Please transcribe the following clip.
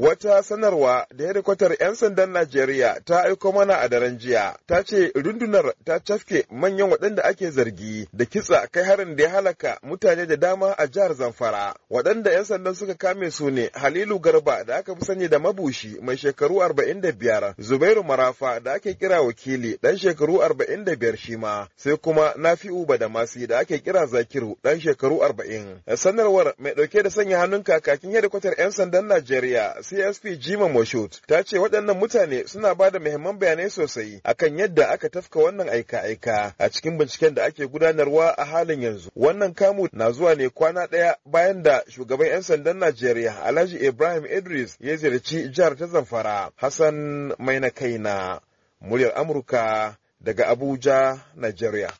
wata sanarwa da hedikwatar 'yan sandan Najeriya ta aiko mana a daren jiya ta ce rundunar ta cafke manyan waɗanda ake zargi da kitsa kai harin da ya halaka mutane da dama a jihar Zamfara. Waɗanda 'yan sandan suka kame su ne Halilu Garba da aka fi sani da mabushi mai shekaru arba'in da biyar. Zubairu Marafa da ake kira wakili ɗan shekaru arba'in 45 shi ma, sai kuma Nafi'u Badamasi da ake kira Zakiru ɗan shekaru 40. Sanarwar mai ɗauke da sanya hannun kakakin hedikwatar 'yan sandan Najeriya CSP Jima Moshut ta ce waɗannan mutane suna ba da muhimman bayanai sosai akan yadda aka tafka wannan aika-aika a cikin binciken da ake gudanarwa a halin yanzu. Wannan kamu na zuwa ne kwana ɗaya bayan da shugaban 'yan sandan Najeriya Alhaji Ibrahim Idris ya ziyarci jihar ta Zamfara. Hassan Maina Kaina, muryar Amurka daga Abuja, Najeriya.